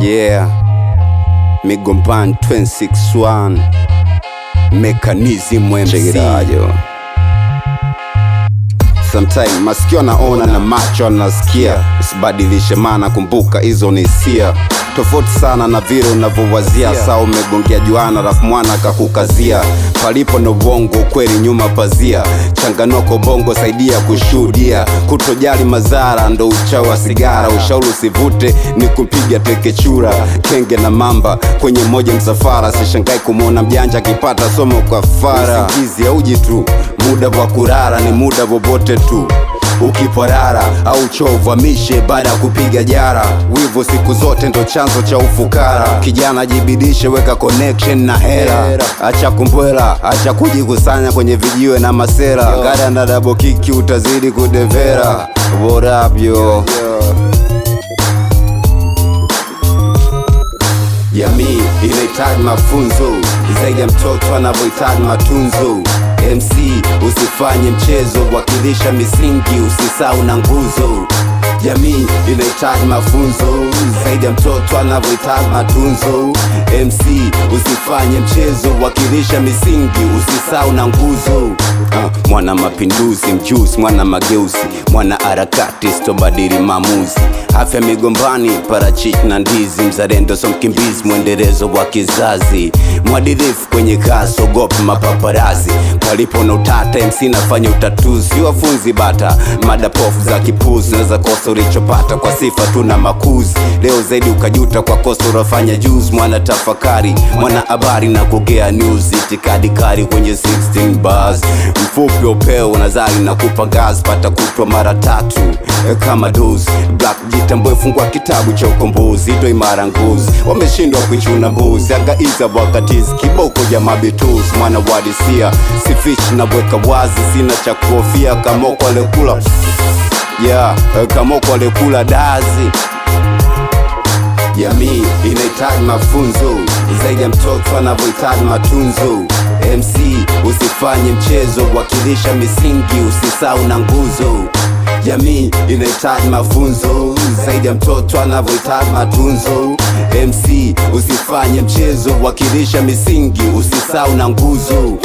Yeah, Migomban 261 Mechanism Mwembegerayo sometime masikio anaona na macho anasikia, usibadilishe maana, kumbuka hizo ni hisia tofauti sana na vile unavyowazia. Saa umegongea juana, rafu mwana kakukazia, palipo na uongo, ukweli nyuma pazia. Changanua bongo, saidia kushuhudia. Kutojali madhara ndo uchawi wa sigara. Ushauri usivute ni kumpiga tekechura, kenge na mamba kwenye moja msafara. Sishangai kumwona mjanja akipata somo kafara. Usingizi auji tu muda wa kurara ni muda wowote tu ukiparara au chovwa mishe baada ya kupiga jara. Wivu siku zote ndo chanzo cha ufukara. Kijana jibidishe, weka connection na hera, acha kumbwela, acha kujikusanya kwenye vijiwe na masera. Gada na dabokiki utazidi kudevera. What up yo? Jamii inahitaji mafunzo zaidi ya mtoto anavyohitaji matunzo. MC usifanye mchezo, wakilisha misingi, usisau na nguzo. Jamii inahitaji mafunzo zaidi ya mtoto anavyohitaji matunzo. MC usifanye mchezo, wakilisha misingi, usisahau na nguzo. Ah, mwana mapinduzi, mjuzi, mwana mageuzi, mwana harakati, sitobadili maamuzi. Afya migombani, parachichi na ndizi, mzalendo so mkimbizi, mwendelezo wa kizazi, mwadilifu kwenye kazi, ogopa mapaparazi palipo na utata. MC nafanya utatuzi, wafunzi bata mada pofu za kipuzi, naweza kosa pesa ulichopata kwa sifa tu na makuzi, leo zaidi ukajuta kwa kosa unafanya juzi. Mwana tafakari, mwana habari na kugea news, itikadi kali kwenye 16 bars, mfupi upeo unazali na kupa gas, pata kutwa mara tatu eh, kama dozi black jitambue, fungua kitabu cha ukombozi, ito imara nguzi, wameshindwa kuichuna mbuzi, agaiza wakatizi kiboko ya mabituzi, mwana wadisia sifichi na weka wazi, sina cha kuhofia kamoko alekula yeah, eh, kamoko alikula dazi. Jamii inahitaji mafunzo zaidi ya mtoto anavyohitaji matunzo. MC usifanye mchezo, wakilisha misingi, usisahau na nguzo. Jamii inahitaji mafunzo zaidi ya mtoto anavyohitaji matunzo. MC usifanye mchezo, wakilisha misingi, usisahau na nguzo.